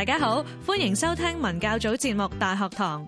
大家好，歡迎收聽文教組節目大學堂。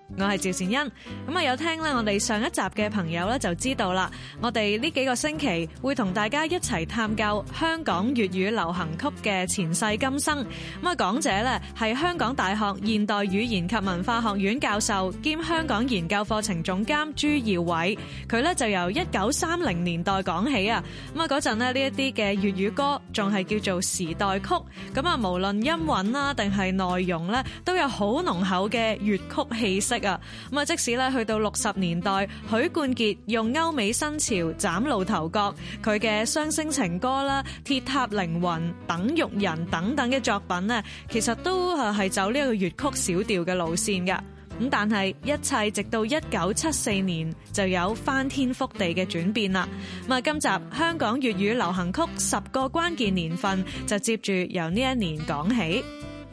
內容咧都有好濃厚嘅粵曲氣息啊。咁啊，即使咧去到六十年代，許冠傑用歐美新潮嶄露頭角，佢嘅《雙星情歌》啦，《鐵塔凌雲》《等玉人》等等嘅作品呢，其實都係係走呢個粵曲小調嘅路線嘅。咁但係一切直到一九七四年就有翻天覆地嘅轉變啦。咁啊，今集香港粵語流行曲十個關鍵年份就接住由呢一年講起。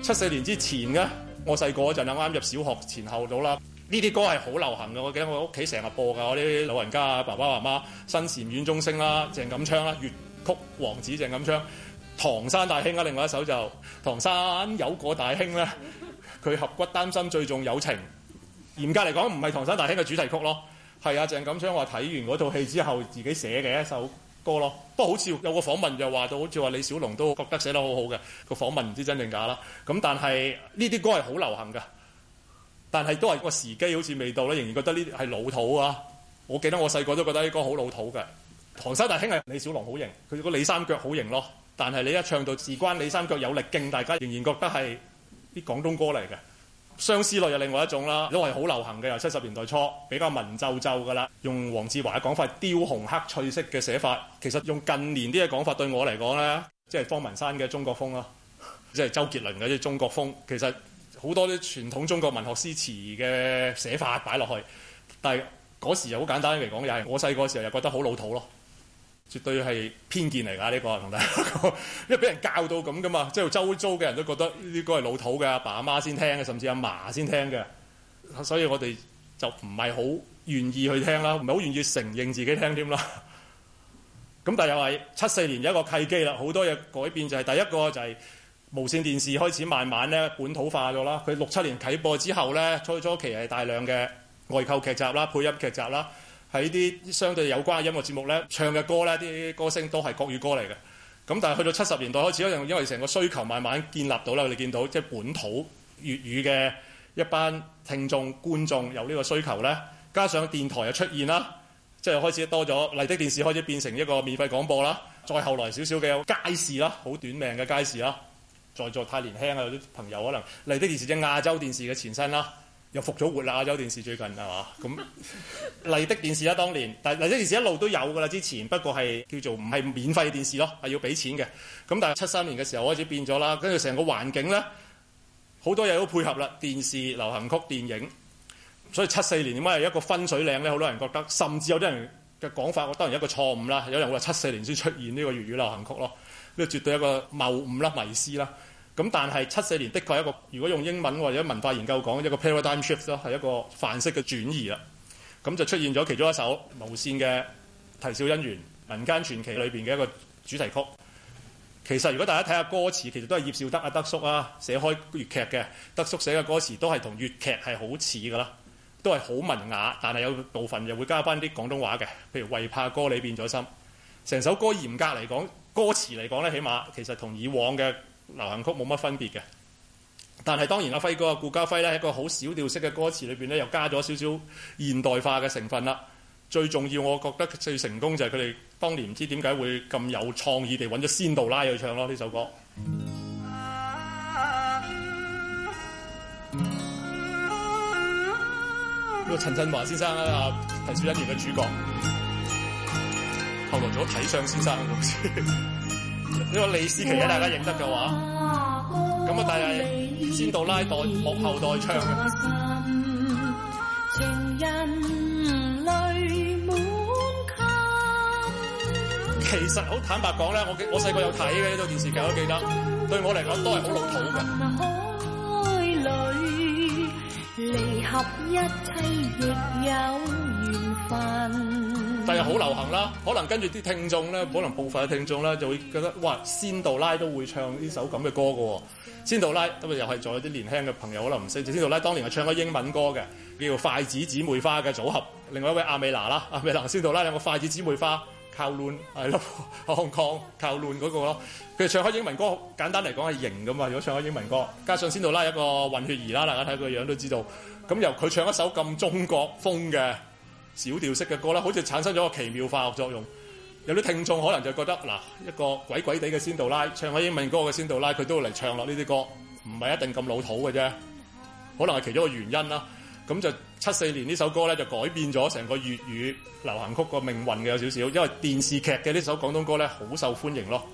七四年之前嘅，我細個嗰陣啱啱入小學前後到啦。呢啲歌係好流行嘅，我記得我屋企成日播㗎。我啲老人家啊，爸爸媽媽，新禪院鐘聲啦、啊，鄭錦昌啦、啊，粵曲王子鄭錦昌，唐山大兄啦、啊，另外一首就唐山有個大兄啦，佢合骨擔心最重友情。嚴格嚟講唔係唐山大兄嘅主題曲咯，係啊，鄭錦昌話睇完嗰套戲之後自己寫嘅一首。歌咯，不過好似有個訪問就話到，好似話李小龍都覺得寫得好好嘅，個訪問唔知係真定假啦。咁但係呢啲歌係好流行嘅，但係都係個時機好似未到咧，仍然覺得呢啲係老土啊。我記得我細個都覺得呢歌好老土嘅。唐山大兄係李小龍好型，佢個李三腳好型咯。但係你一唱到事關李三腳有力勁，大家仍然覺得係啲廣東歌嚟嘅。相思類又另外一種啦，都係好流行嘅，由七十年代初比較文縐縐噶啦，用黃志華嘅講法，雕紅刻翠式嘅寫法，其實用近年啲嘅講法對我嚟講呢，即係方文山嘅中國風咯，即係周杰倫嘅啲中國風，其實好多啲傳統中國文學詩詞嘅寫法擺落去，但係嗰時又好簡單嚟講，又係我細個時候又覺得好老土咯。絕對係偏見嚟㗎，呢、呢個同大家講， 因為俾人教到咁噶嘛，即係周遭嘅人都覺得呢個係老土嘅，阿爸阿媽先聽嘅，甚至阿嫲先聽嘅，所以我哋就唔係好願意去聽啦，唔係好願意承認自己聽添啦。咁 但又係七四年有一個契機啦，好多嘢改變就係、是、第一個就係無線電視開始慢慢咧本土化咗啦。佢六七年啟播之後咧，初初期係大量嘅外購劇集啦、配音劇集啦。喺啲相對有關嘅音樂節目呢，唱嘅歌呢，啲歌星都係國語歌嚟嘅。咁但係去到七十年代開始，因為因為成個需求慢慢建立到啦，你見到啦，我哋見到即係本土粵語嘅一班聽眾觀眾有呢個需求呢，加上電台又出現啦，即係開始多咗麗的電視開始變成一個免費廣播啦。再後來少少嘅街市啦，好短命嘅街市啦，在座太年輕啦，有啲朋友可能麗的電視即係亞洲電視嘅前身啦。又復咗活啦！亞洲電視最近係嘛？咁麗 的電視啦，當年但係麗的電視一路都有㗎啦。之前不過係叫做唔係免費電視咯，係要俾錢嘅。咁但係七三年嘅時候開始變咗啦，跟住成個環境呢，好多嘢都配合啦。電視流行曲、電影，所以七四年點解係一個分水嶺呢？好多人覺得，甚至有啲人嘅講法，我當然一個錯誤啦。有人話七四年先出現呢個粵語流行曲咯，呢個絕對一個謬誤啦、迷思啦。咁但係七四年，的確係一個。如果用英文或者文化研究講，一個 paradigm shift 咯，係一個範式嘅轉移啦。咁就出現咗其中一首無線嘅《啼笑因緣》民間傳奇裏面嘅一個主題曲。其實如果大家睇下歌詞，其實都係葉少德啊，德叔啊，寫開粵劇嘅德叔寫嘅歌詞都係同粵劇係好似噶啦，都係好文雅，但係有部分又會加翻啲廣東話嘅，譬如《為怕哥你變咗心》。成首歌嚴格嚟講，歌詞嚟講呢，起碼其實同以往嘅。流行曲冇乜分別嘅，但係當然阿輝哥顧嘉輝咧，一個好小調式嘅歌詞裏邊咧，又加咗少少現代化嘅成分啦。最重要，我覺得最成功就係佢哋當年唔知點解會咁有創意地揾咗仙杜拉去唱咯呢首歌。呢個陳振華先生啊，啼笑姻緣嘅主角，後來做咗睇相先生。呵呵呢、這個李思琪咧，大家認得嘅話，咁啊，但係先到拉幕，後後代唱嘅《情人淚滿襟》。其實好坦白講咧，我我細個有睇嘅呢套電視劇，都記得，對我嚟講都係好老土。但係好流行啦，可能跟住啲聽眾咧，可能部分嘅聽眾咧就會覺得，哇！仙杜拉都會唱呢首咁嘅歌㗎喎，仙杜拉咁啊又係做啲年輕嘅朋友可能唔識，仙杜拉當年係唱開英文歌嘅，叫做《筷子姊妹花》嘅組合，另外一位阿美娜啦，阿美娜仙杜拉兩個筷子姊妹花，靠亂係咯，康康靠亂嗰、那個咯，佢唱開英文歌，簡單嚟講係型咁嘛，如果唱開英文歌，加上仙杜拉一個混血兒啦，大家睇佢個樣都知道，咁由佢唱一首咁中國風嘅。小調式嘅歌咧，好似產生咗個奇妙化學作用，有啲聽眾可能就覺得嗱，一個鬼鬼地嘅仙杜拉唱個英文歌嘅仙杜拉，佢都嚟唱落呢啲歌，唔係一定咁老土嘅啫，可能係其中一個原因啦。咁就七四年呢首歌咧，就改變咗成個粵語流行曲個命運嘅有少少，因為電視劇嘅呢首廣東歌咧好受歡迎咯。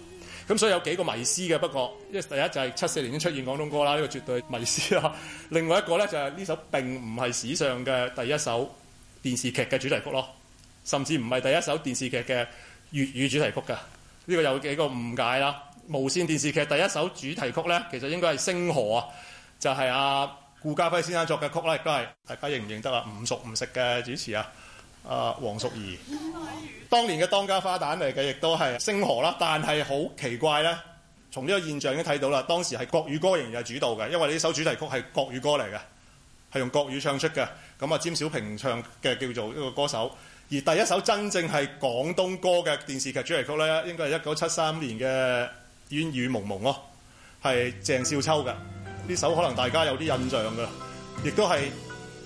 咁所以有幾個迷思嘅，不過一，第一就係七四年先出現廣東歌啦，呢個絕對迷思啊。另外一個咧就係呢首並唔係史上嘅第一首。電視劇嘅主題曲咯，甚至唔係第一首電視劇嘅粵語主題曲㗎，呢個有幾個誤解啦。無線電視劇第一首主題曲呢，其實應該係《星河》啊，就係阿顧嘉煇先生作嘅曲啦，亦都係大家認唔認得啊？唔熟唔識嘅主持啊，阿黃淑儀，當年嘅當家花旦嚟嘅，亦都係《星河》啦。但係好奇怪呢，從呢個現象已經睇到啦，當時係國語歌仍然係主導嘅，因為呢首主題曲係國語歌嚟嘅。係用國語唱出嘅，咁啊，詹小平唱嘅叫做一個歌手。而第一首真正係廣東歌嘅電視劇主題曲呢，應該係一九七三年嘅《煙雨濛濛》咯，係鄭少秋嘅呢首，可能大家有啲印象㗎喇，亦都係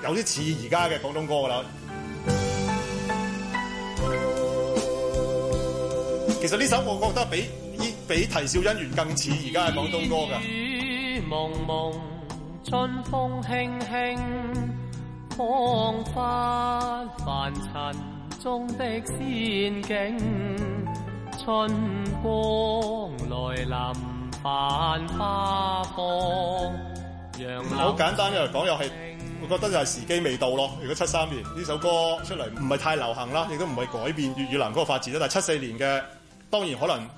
有啲似而家嘅廣東歌㗎啦。其實呢首我覺得比比《啼笑姻緣》更似而家嘅廣東歌㗎。春春風輕輕放花凡塵中的仙境。春光來臨繁花放，好簡單，又講又係，我覺得就係時機未到咯。如果七三年呢首歌出嚟，唔係太流行啦，亦都唔係改變粵語流行歌發展啦。但係七四年嘅，當然可能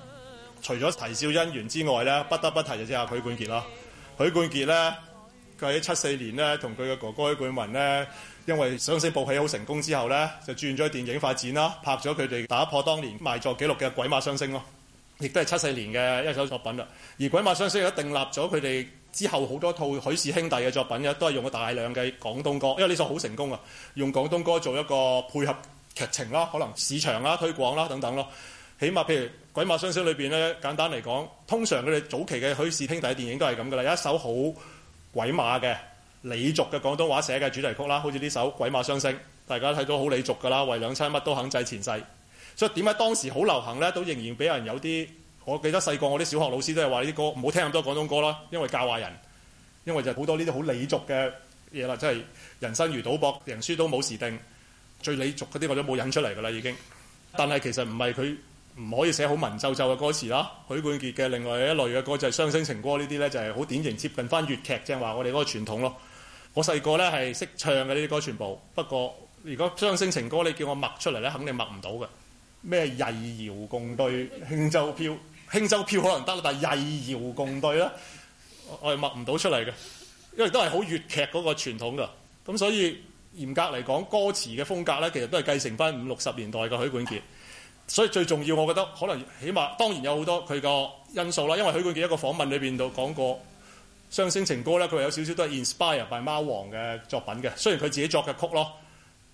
除咗啼笑姻緣之外咧，不得不提就即係阿許冠傑啦。許冠傑咧。佢喺七四年呢，同佢嘅哥哥許冠文呢，因為《雙星報喜》好成功之後呢，就轉咗電影發展啦，拍咗佢哋打破當年賣座紀錄嘅《鬼馬雙星》咯，亦都係七四年嘅一首作品啦。而《鬼馬雙星》一定立咗佢哋之後好多套許氏兄弟嘅作品嘅，都係用咗大量嘅廣東歌，因為呢首好成功啊，用廣東歌做一個配合劇情啦，可能市場啦、推廣啦等等咯。起碼譬如《鬼馬雙星》裏邊呢，簡單嚟講，通常佢哋早期嘅許氏兄弟嘅電影都係咁噶啦，有一首好。鬼馬嘅俚俗嘅廣東話寫嘅主題曲啦，好似呢首《鬼馬雙星》，大家睇到好俚俗噶啦，為兩餐乜都肯制前世，所以點解當時好流行呢？都仍然俾人有啲。我記得細個我啲小學老師都係話呢啲歌唔好聽咁多廣東歌啦，因為教壞人，因為就好多呢啲好俚俗嘅嘢啦，即係人生如賭博，贏輸都冇時定。最俚俗嗰啲我都冇引出嚟噶啦，已經。但係其實唔係佢。唔可以寫好文縐縐嘅歌詞啦。許冠傑嘅另外一類嘅歌就係雙星情歌呢啲呢，就係好典型接近翻粵劇，即係話我哋嗰個傳統咯。我細個呢係識唱嘅呢啲歌全部。不過如果雙星情歌你叫我默出嚟呢，肯定默唔到嘅。咩《曳搖共對輕舟飄》，輕舟飄可能得啦，但《曳搖共對》咧，我係默唔到出嚟嘅，因為都係好粵劇嗰個傳統㗎。咁所以嚴格嚟講，歌詞嘅風格呢，其實都係繼承翻五六十年代嘅許冠傑。所以最重要，我覺得可能起碼當然有好多佢個因素啦。因為許冠傑一個訪問裏邊度講過《雙星情歌》呢，佢話有少少都係 inspire by 貓王嘅作品嘅。雖然佢自己作嘅曲咯，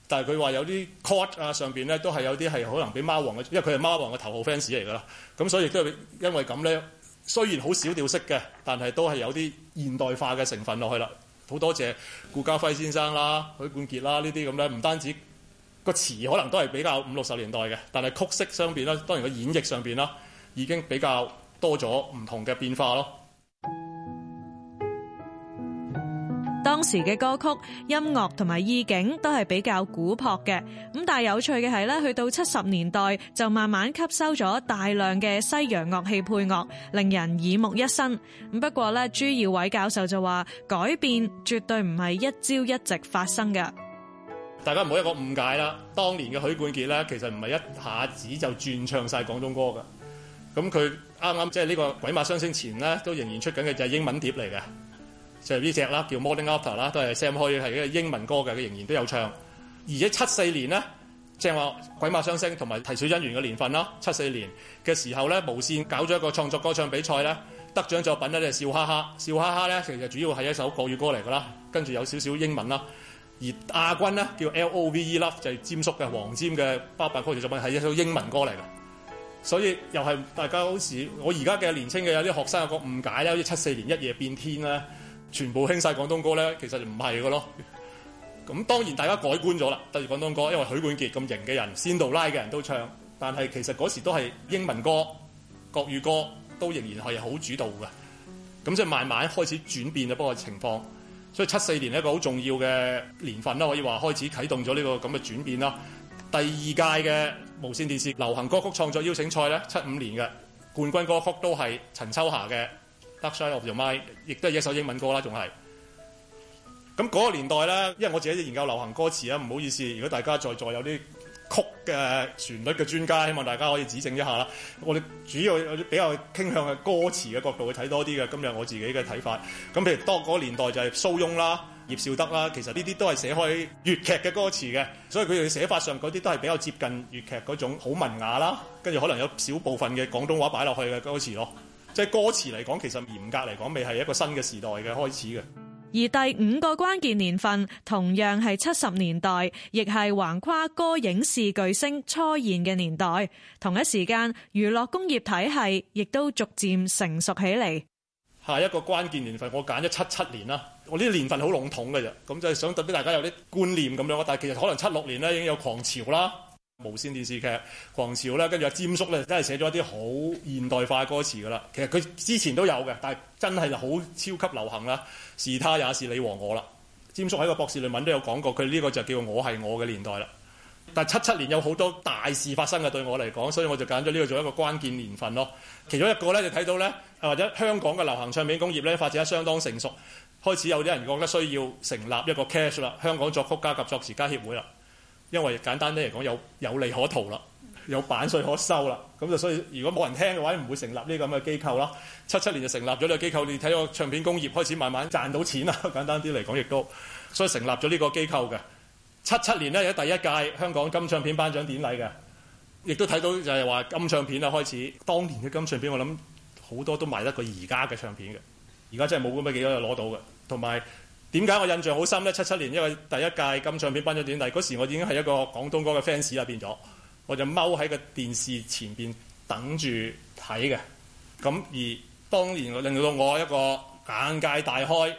但係佢話有啲 court 啊上邊呢都係有啲係可能俾貓王嘅，因為佢係貓王嘅頭號 fans 嚟㗎啦。咁所以亦都係因為咁呢，雖然好少調色嘅，但係都係有啲現代化嘅成分落去啦。好多謝顧嘉煇先生啦、許冠傑啦呢啲咁呢，唔單止。個詞可能都係比較五六十年代嘅，但係曲式上面啦，當然個演繹上面啦，已經比較多咗唔同嘅變化咯。當時嘅歌曲音樂同埋意境都係比較古樸嘅，咁但係有趣嘅係咧，去到七十年代就慢慢吸收咗大量嘅西洋樂器配樂，令人耳目一新。咁不過咧，朱耀偉教授就話：改變絕對唔係一朝一夕發生嘅。大家唔好一個誤解啦。當年嘅許冠傑咧，其實唔係一下子就轉唱曬廣東歌㗎。咁佢啱啱即係呢個鬼馬雙星前咧，都仍然出緊嘅就係、是、英文碟嚟嘅，就係呢隻啦，叫《Morning After》啦，都係 Sam Hui 係一個英文歌嘅，佢仍然都有唱。而且七四年呢，即係話鬼馬雙星同埋提取姻緣嘅年份啦，七四年嘅時候咧，無線搞咗一個創作歌唱比賽咧，得獎作品咧就係、是《笑哈哈》。《笑哈哈》咧其實主要係一首國語歌嚟㗎啦，跟住有少少英文啦。而亞軍咧，叫 L O V E Love 就係霑叔嘅黃霑嘅八百歌曲作品，係一首英文歌嚟嘅，所以又係大家好似我而家嘅年青嘅有啲學生有個誤解咧，好似七四年一夜變天咧，全部興晒廣東歌咧，其實就唔係嘅咯。咁當然大家改觀咗啦，對住廣東歌，因為許冠傑咁型嘅人，仙杜拉嘅人都唱，但係其實嗰時都係英文歌、國語歌都仍然係好主導嘅。咁即係慢慢開始轉變咗個情況。所以七四年一個好重要嘅年份啦，可以話開始啟動咗呢個咁嘅轉變啦。第二屆嘅無線電視流行歌曲創作邀請賽咧，七五年嘅冠軍歌曲都係陳秋霞嘅《Dark Side of Your Mind》，亦都係一首英文歌啦，仲係。咁嗰個年代咧，因為我自己研究流行歌詞啊，唔好意思，如果大家在座有啲，曲嘅旋律嘅專家，希望大家可以指正一下啦。我哋主要比較傾向嘅歌詞嘅角度去睇多啲嘅，今日我自己嘅睇法。咁譬如多個年代就係蘇翁啦、葉紹德啦，其實呢啲都係寫開粵劇嘅歌詞嘅，所以佢哋寫法上嗰啲都係比較接近粵劇嗰種好文雅啦，跟住可能有少部分嘅廣東話擺落去嘅歌詞咯。即係歌詞嚟講其實嚴格嚟講未係一個新嘅時代嘅開始嘅。而第五個關鍵年份同樣係七十年代，亦係橫跨歌影視巨星初現嘅年代。同一時間，娛樂工業體系亦都逐漸成熟起嚟。下一個關鍵年份，我揀咗七七年啦。我呢啲年份好籠統嘅啫，咁就係想特別大家有啲觀念咁樣。但係其實可能七六年咧已經有狂潮啦。無綫電視劇《狂潮》咧，跟住阿詹叔咧，真係寫咗一啲好現代化嘅歌詞噶啦。其實佢之前都有嘅，但係真係好超級流行啦。是他也是你和我啦。詹叔喺個博士論文都有講過，佢呢個就叫我係我嘅年代啦。但七七年有好多大事發生嘅，對我嚟講，所以我就揀咗呢個做一個關鍵年份咯。其中一個呢，就睇到呢，或者香港嘅流行唱片工業呢發展得相當成熟，開始有啲人覺得需要成立一個 Cash 啦，香港作曲家及作詞家協會啦。因為簡單啲嚟講，有有利可圖啦，有版稅可收啦，咁就所以如果冇人聽嘅話，唔會成立呢啲咁嘅機構啦。七七年就成立咗呢個機構，你睇個唱片工業開始慢慢賺到錢啦。簡單啲嚟講，亦都所以成立咗呢個機構嘅。七七年呢，有第一屆香港金唱片頒獎典禮嘅，亦都睇到就係話金唱片啊開始。當年嘅金唱片我諗好多都賣得過而家嘅唱片嘅，而家真係冇咁多幾多又攞到嘅，同埋。點解我印象好深咧？七七年因為第一屆金唱片頒獎典禮嗰時，我已經係一個廣東歌嘅 fans 啦變咗，我就踎喺個電視前邊等住睇嘅。咁而當年令到我一個眼界大開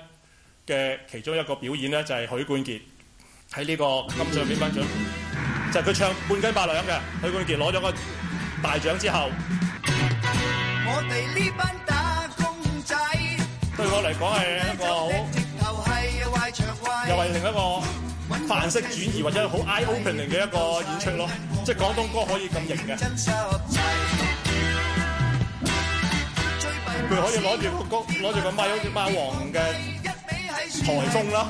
嘅其中一個表演咧，就係、是、許冠傑喺呢個金唱片頒獎，就係佢唱《嗯、唱半斤八兩》嘅。許冠傑攞咗個大獎之後，我哋呢班打工仔，對我嚟講係一個好。又係另一個範式轉移或者好 eye opening 嘅一個演出咯，即係廣東歌可以咁型嘅，佢可以攞住個攞住個咪好似貓王嘅台風啦，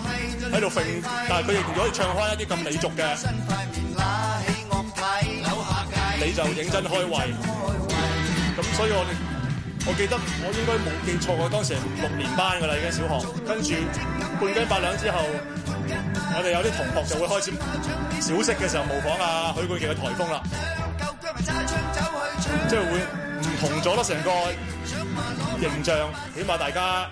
喺度揈，但係佢亦都可以唱開一啲咁俚俗嘅，你就認真開胃，咁所以我我記得，我應該冇記錯，我當時係六年班㗎啦，而家小學，跟住。半斤八兩之後，我哋有啲同學就會開始小息嘅時候模仿啊許冠傑嘅颱風啦，即係會唔同咗咯，成個形象，起碼大家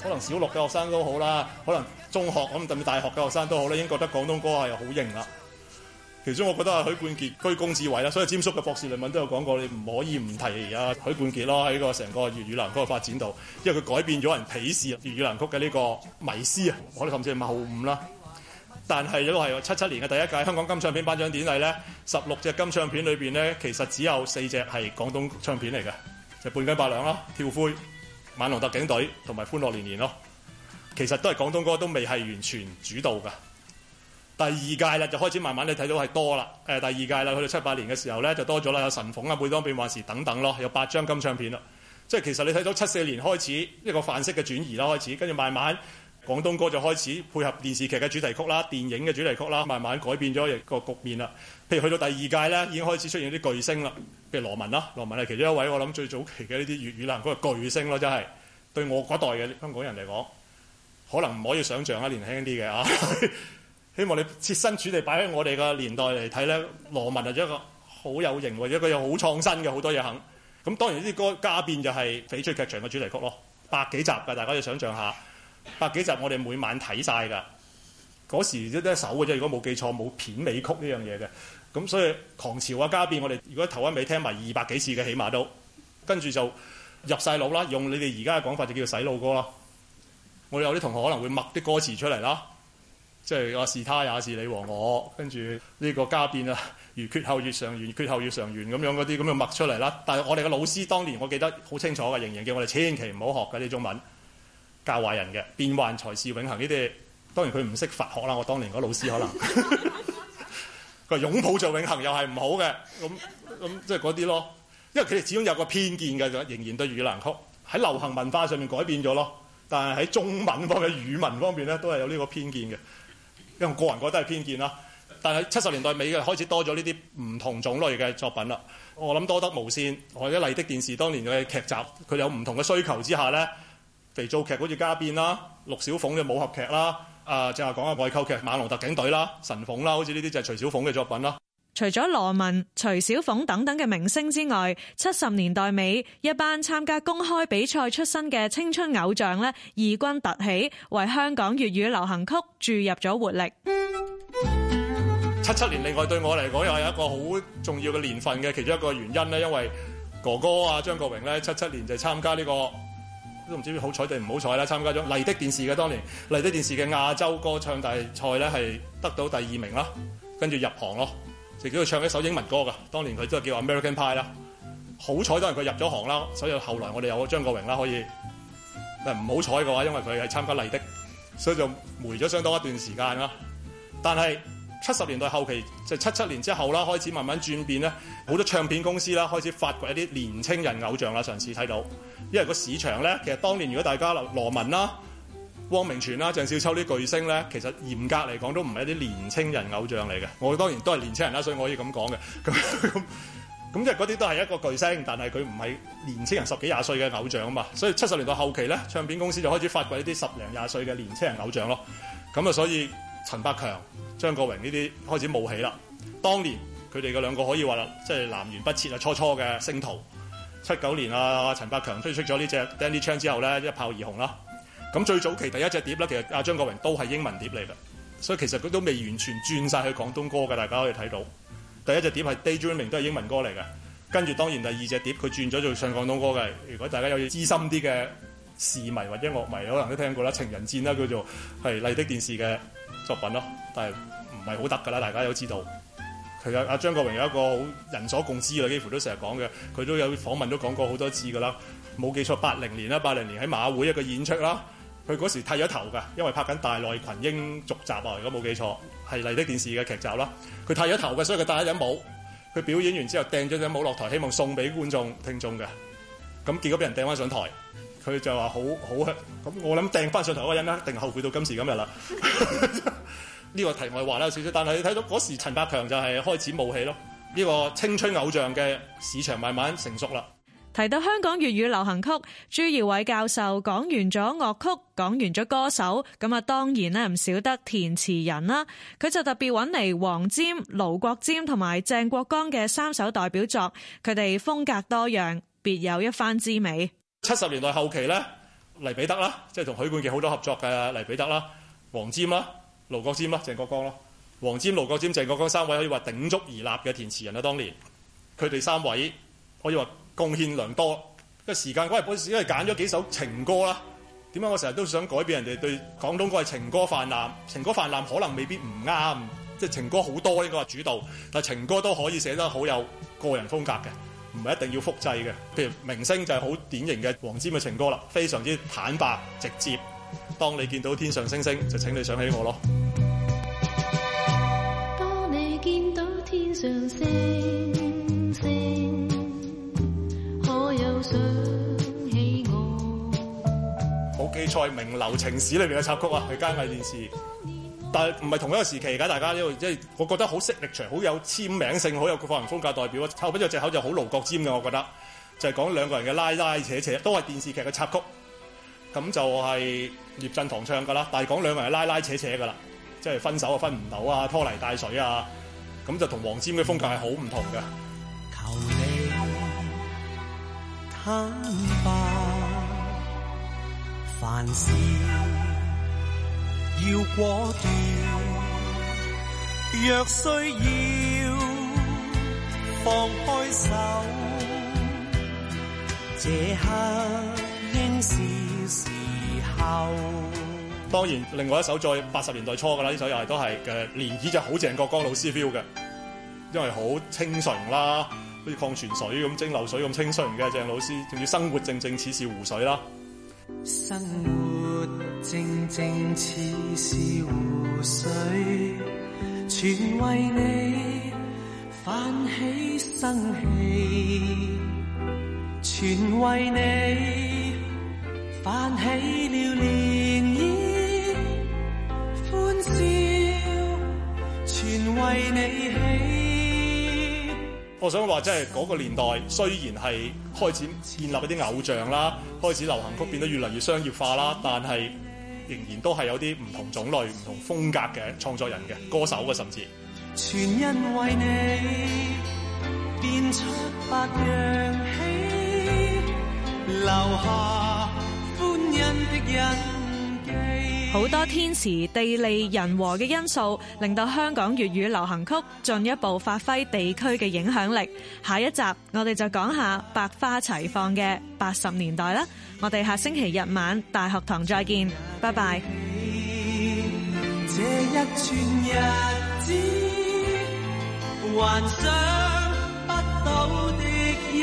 可能小六嘅學生都好啦，可能中學甚至大學嘅學生都好啦，已經覺得廣東歌係好型啦。其中我覺得啊許冠傑居功至偉啦，所以詹叔嘅博士論文都有講過，你唔可以唔提啊許冠傑咯，喺個成個粵語流行曲嘅發展度，因為佢改變咗人鄙視粵語流行曲嘅呢個迷思啊，或者甚至謬誤啦。但係都係七七年嘅第一屆香港金唱片頒獎典禮呢，十六隻金唱片裏邊呢，其實只有四隻係廣東唱片嚟嘅，就半斤八兩咯，跳灰、猛龍特警隊同埋歡樂年年咯，其實都係廣東歌都未係完全主導嘅。第二屆啦，就開始慢慢你睇到係多啦、呃。第二屆啦，去到七八年嘅時候呢，就多咗啦，有神鳳啊、貝當變幻時等等咯，有八張金唱片啦。即係其實你睇到七四年開始一個範式嘅轉移啦，開始跟住慢慢廣東歌就開始配合電視劇嘅主題曲啦、電影嘅主題曲啦，慢慢改變咗個局面啦。譬如去到第二屆呢，已經開始出現啲巨星啦，譬如羅文啦，羅文係其中一位我諗最早期嘅呢啲粵語流行歌嘅巨星咯，真係對我嗰代嘅香港人嚟講，可能唔可以想象啊，年輕啲嘅啊。 希望你設身處地擺喺我哋個年代嚟睇咧，羅文或者一個好有型，或者一個又好創新嘅好多嘢肯。咁當然呢啲歌加變就係翡翠劇場嘅主題曲咯，百幾集嘅，大家要想象下，百幾集我哋每晚睇晒噶。嗰時都一首嘅啫，如果冇記錯冇片尾曲呢樣嘢嘅。咁所以狂潮啊加變，我哋如果頭一尾聽埋二百幾次嘅，起碼都跟住就入晒腦啦。用你哋而家嘅講法就叫做洗腦歌囉。我哋有啲同學可能會默啲歌詞出嚟啦。即係，我是他也是你和我，跟住呢個家變啦，啊，如缺後月常圓，缺後月常圓咁樣嗰啲咁樣默出嚟啦。但係我哋嘅老師當年我記得好清楚嘅，仍然叫我哋千祈唔好學嘅呢種中文教壞人嘅變幻才是永恆，呢啲。當然佢唔識佛學啦。我當年嗰老師可能佢 擁抱就永恆又係唔好嘅咁咁，即係嗰啲咯。因為佢哋始終有個偏見嘅，仍然對粵語流行曲喺流行文化上面改變咗咯。但係喺中文科嘅語文方面咧，都係有呢個偏見嘅。因為個人覺得係偏見啦，但係七十年代尾嘅開始多咗呢啲唔同種類嘅作品啦。我諗多得無綫或者麗的電視當年嘅劇集，佢有唔同嘅需求之下呢肥皂劇好似家變啦，陸小鳳嘅武俠劇啦，啊，正話講下外購劇，猛龍特警隊啦，神鳳啦，好似呢啲就係徐小鳳嘅作品啦。除咗羅文、徐小鳳等等嘅明星之外，七十年代尾一班參加公開比賽出身嘅青春偶像咧，異軍突起，為香港粵語流行曲注入咗活力。七七年另外對我嚟講又係一個好重要嘅年份嘅其中一個原因咧，因為哥哥啊張國榮咧，七七年就參加呢個都唔知好彩定唔好彩啦，參加咗麗的電視嘅當年麗的電視嘅亞洲歌唱大賽咧，係得到第二名啦，跟住入行咯。就叫佢唱一首英文歌㗎。當年佢都係叫 American Pie 啦。好彩當然佢入咗行啦，所以後來我哋有個張國榮啦，可以，但唔好彩嘅話，因為佢係參加麗的，所以就冇咗相當一段時間啦。但係七十年代後期即七七年之後啦，開始慢慢轉變咧，好多唱片公司啦開始發掘一啲年青人偶像啦。上次睇到，因為個市場咧，其實當年如果大家羅文啦、汪明荃啦、啊、鄭少秋啲巨星呢，其實嚴格嚟講都唔係一啲年青人偶像嚟嘅。我當然都係年青人啦，所以我可以咁講嘅。咁咁即係嗰啲都係一個巨星，但係佢唔係年青人十幾廿歲嘅偶像啊嘛。所以七十年代後期呢，唱片公司就開始發掘一啲十零廿歲嘅年青人偶像咯。咁啊，所以陳百強、張國榮呢啲開始冒起啦。當年佢哋嘅兩個可以話啦即係南轅北轍啊，初初嘅星途。七九年啊，陳百強推出咗呢隻《Danny Chan》之後呢，一炮而紅啦。咁最早期第一隻碟咧，其實阿張國榮都係英文碟嚟㗎，所以其實佢都未完全轉晒去廣東歌㗎。大家可以睇到第一隻碟係《Daydreaming》都係英文歌嚟嘅，跟住當然第二隻碟佢轉咗做唱廣東歌嘅。如果大家有資深啲嘅視迷或者樂迷，可能都聽過啦，《情人箭》啦叫做係麗的電視嘅作品咯，但係唔係好得㗎啦。大家都知道，其實阿張國榮有一個人所共知嘅，幾乎都成日講嘅，佢都有訪問都講過好多次㗎啦。冇記錯，八零年啦，八零年喺馬會一個演出啦。佢嗰時剃咗頭㗎，因為拍緊《大內群英》續集啊，如果冇記錯，係麗的電視嘅劇集啦。佢剃咗頭嘅，所以佢戴一頂帽。佢表演完之後掟咗頂帽落台，希望送俾觀眾、聽眾嘅。咁結果俾人掟翻上台，佢就話好好。咁我諗掟翻上台嗰個人一定後悔到今時今日啦。呢 個題外話啦，少少。但係你睇到嗰時陳百強就係開始冒起咯。呢個青春偶像嘅市場慢慢成熟啦。提到香港粵語流行曲，朱耀偉教授講完咗樂曲，講完咗歌手，咁啊當然咧唔少得填詞人啦。佢就特別揾嚟黃霑、盧國沾同埋鄭國江嘅三首代表作，佢哋風格多樣，別有一番滋味。七十年代後期咧，黎彼得啦，即係同許冠傑好多合作嘅黎彼得啦、黃霑啦、盧國沾啦、鄭國江啦，黃霑、盧國沾、鄭國江三位可以話鼎足而立嘅填詞人啦。當年佢哋三位可以話，貢獻良多，因為時間關係，我因為揀咗幾首情歌啦。點解我成日都想改變人哋對廣東歌係情歌泛濫？情歌泛濫可能未必唔啱，即係情歌好多呢個係主導，但係情歌都可以寫得好有個人風格嘅，唔係一定要複製嘅。譬如明星就係好典型嘅黃霑嘅情歌啦，非常之坦白直接。當你見到天上星星，就請你想起我咯。當你見到天上星。比賽名流情史裏邊嘅插曲啊，係佳藝電視，但係唔係同一個時期，而家大家呢度即係我覺得好實力強，好有簽名性，好有個人風格代表啊。後邊隻口就好盧國沾嘅，我覺得就係、是、講兩個人嘅拉拉扯扯，都係電視劇嘅插曲。咁就係葉振棠唱噶啦，但係講兩個人嘅拉拉扯扯噶啦，即、就、係、是、分手啊，分唔到啊，拖泥帶水啊，咁就同黃沾嘅風格係好唔同噶。求你。凡事要果斷，若需要放開手，這刻應是時候。當然，另外一首在八十年代初噶啦，呢首又係都係嘅，連依就好鄭國江老師 feel 嘅，因為好清純啦，好似礦泉水咁蒸餾水咁清純嘅鄭老師，仲要生活正正似是湖水啦。生活靜靜似是湖水，全為你泛起生氣，全為你泛起了漣漪，歡笑全為你起。我想話，即係嗰個年代，雖然係開始建立一啲偶像啦，開始流行曲變得越嚟越商業化啦，但係仍然都係有啲唔同種類、唔同風格嘅創作人嘅歌手嘅，甚至。全因為你變出白洋氣，留下歡欣的人。好多天時地利人和嘅因素，令到香港粵語流行曲進一步發揮地區嘅影響力。下一集我哋就講下百花齊放嘅八十年代啦。我哋下星期日晚大學堂再見，日拜拜。這一